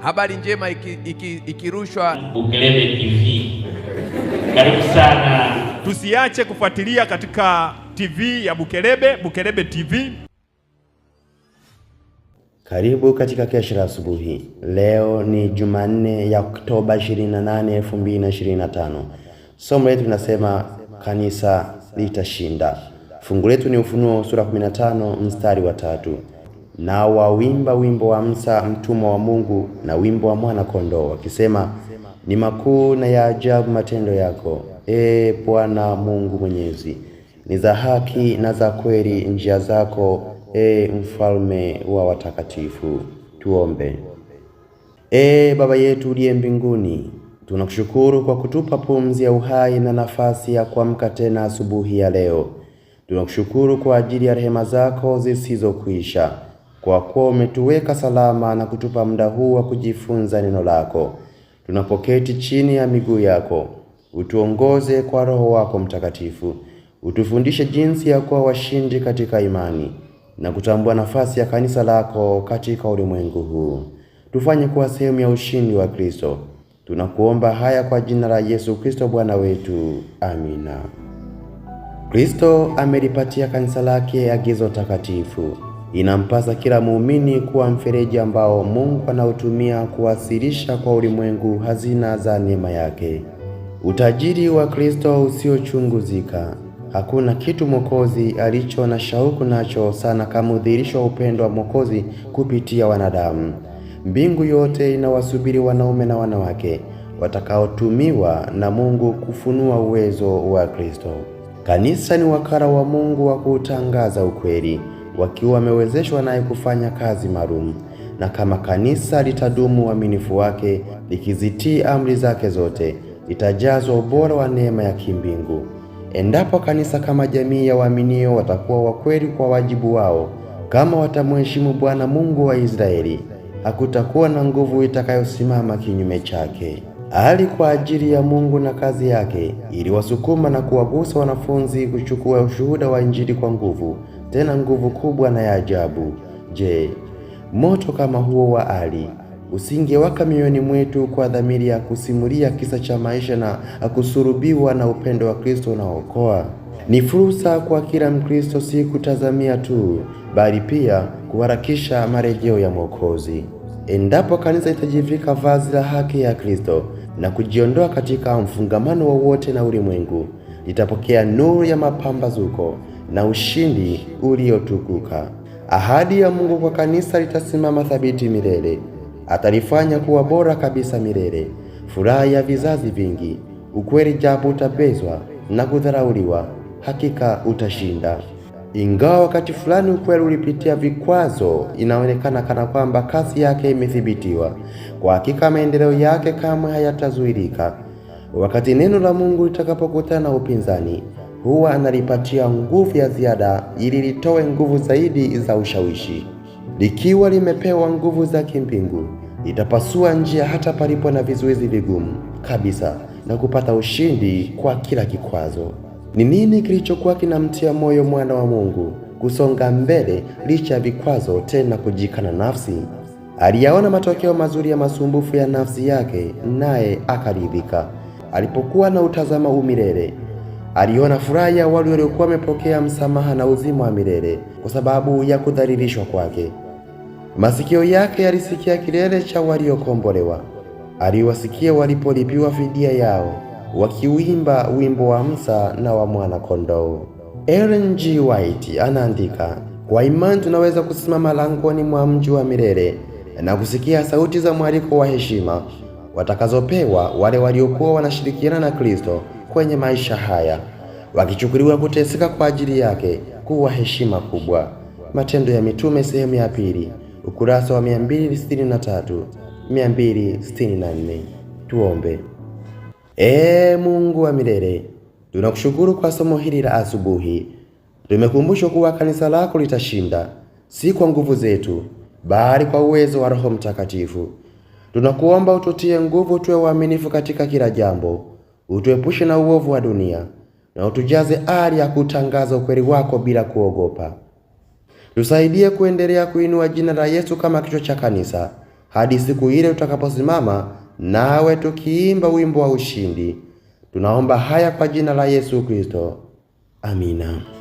Habari njema ikirushwa iki, iki Bukelebe TV. Karibu sana, tusiache kufuatilia katika TV ya Bukelebe, Bukelebe TV. Karibu katika kesha la asubuhi. Leo ni Jumanne ya Oktoba 28, 2025. Somo letu linasema kanisa litashinda. Fungu letu ni Ufunuo sura 15 mstari wa tatu na wawimba wimbo wa Musa mtumwa wa Mungu na wimbo wa mwana-kondoo wakisema, ni makuu na ya ajabu matendo yako, e Bwana Mungu Mwenyezi. Ni za haki na za kweli njia zako, e mfalme wa watakatifu. Tuombe. E Baba yetu uliye mbinguni, tunakushukuru kwa kutupa pumzi ya uhai na nafasi ya kuamka tena asubuhi ya leo. Tunakushukuru kwa ajili ya rehema zako zisizokwisha kwa kuwa umetuweka salama na kutupa muda huu wa kujifunza neno lako. Tunapoketi chini ya miguu yako, utuongoze kwa Roho wako Mtakatifu, utufundishe jinsi ya kuwa washindi katika imani na kutambua nafasi ya kanisa lako katika ulimwengu huu. Tufanye kuwa sehemu ya ushindi wa Kristo. Tunakuomba haya kwa jina la Yesu Kristo Bwana wetu, amina. Kristo amelipatia kanisa lake agizo takatifu Inampasa kila muumini kuwa mfereji ambao Mungu anautumia kuwasilisha kwa ulimwengu hazina za neema yake. Utajiri wa Kristo usiochunguzika. Hakuna kitu Mwokozi alicho na shauku nacho sana kama udhihirisho wa upendo wa Mwokozi kupitia wanadamu. Mbingu yote inawasubiri wanaume na wanawake watakaotumiwa na Mungu kufunua uwezo wa Kristo. Kanisa ni wakala wa Mungu wa kuutangaza ukweli wakiwa wamewezeshwa naye kufanya kazi maalum, na kama kanisa litadumu uaminifu wake likizitii amri zake zote, litajazwa ubora wa neema ya kimbingu. Endapo kanisa kama jamii ya waaminio watakuwa wakweli kwa wajibu wao, kama watamheshimu Bwana Mungu wa Israeli, hakutakuwa na nguvu itakayosimama kinyume chake ali kwa ajili ya Mungu na kazi yake iliwasukuma na kuwagusa wanafunzi kuchukua ushuhuda wa Injili kwa nguvu, tena nguvu kubwa na ya ajabu. Je, moto kama huo wa ali usingewaka mioyoni mwetu kwa dhamiri ya kusimulia kisa cha maisha na akusurubiwa na upendo wa Kristo unaookoa? Ni fursa kwa kila Mkristo si kutazamia tu, bali pia kuharakisha marejeo ya Mwokozi. Endapo kanisa itajivika vazi la haki ya Kristo, na kujiondoa katika mfungamano wowote na ulimwengu, litapokea nuru ya mapambazuko na ushindi uliotukuka. Ahadi ya Mungu kwa kanisa litasimama thabiti milele. Atalifanya kuwa bora kabisa milele, furaha ya vizazi vingi. Ukweli japo utapezwa na kudharauliwa, hakika utashinda. Ingawa wakati fulani ukweli ulipitia vikwazo, inaonekana kana kwamba kasi yake imethibitiwa. Kwa hakika maendeleo yake kamwe hayatazuilika. Wakati neno la Mungu litakapokutana na upinzani, huwa analipatia nguvu ya ziada ili litoe nguvu zaidi za ushawishi. Likiwa limepewa nguvu za kimbingu, litapasua njia hata palipo na vizuizi vigumu kabisa na kupata ushindi kwa kila kikwazo. Ni nini kilichokuwa kinamtia moyo mwana wa Mungu kusonga mbele licha ya vikwazo, tena kujikana nafsi? Aliyaona matokeo mazuri ya masumbufu ya nafsi yake, naye akaridhika. Alipokuwa na utazama umilele, aliona furaha ya wale waliokuwa wamepokea msamaha na uzima wa milele kwa sababu ya kudhalilishwa kwake. Masikio yake yalisikia kilele cha waliokombolewa, aliwasikia walipolipiwa fidia yao wakiuimba wimbo wa Musa na wa mwana-kondoo. Ellen G. White anaandika, kwa imani tunaweza kusimama langoni mwa mji wa milele na kusikia sauti za mwaliko wa heshima watakazopewa wale waliokuwa wanashirikiana na Kristo kwenye maisha haya, wakichukuliwa kuteseka kwa ajili yake kuwa heshima kubwa. Matendo ya Mitume sehemu ya pili ukurasa wa 263 264. Tuombe. Ee Mungu wa milele, tunakushukuru kwa somo hili la asubuhi. Tumekumbushwa kuwa kanisa lako litashinda, si kwa nguvu zetu, bali kwa uwezo wa Roho Mtakatifu. Tunakuomba ututie nguvu, tuwe waaminifu katika kila jambo, utuepushe na uovu wa dunia na utujaze ari ya kutangaza ukweli wako bila kuogopa. Tusaidie kuendelea kuinua jina la Yesu kama kichwa cha kanisa hadi siku ile tutakaposimama nawe tukiimba wimbo wa ushindi. Tunaomba haya kwa jina la Yesu Kristo, amina.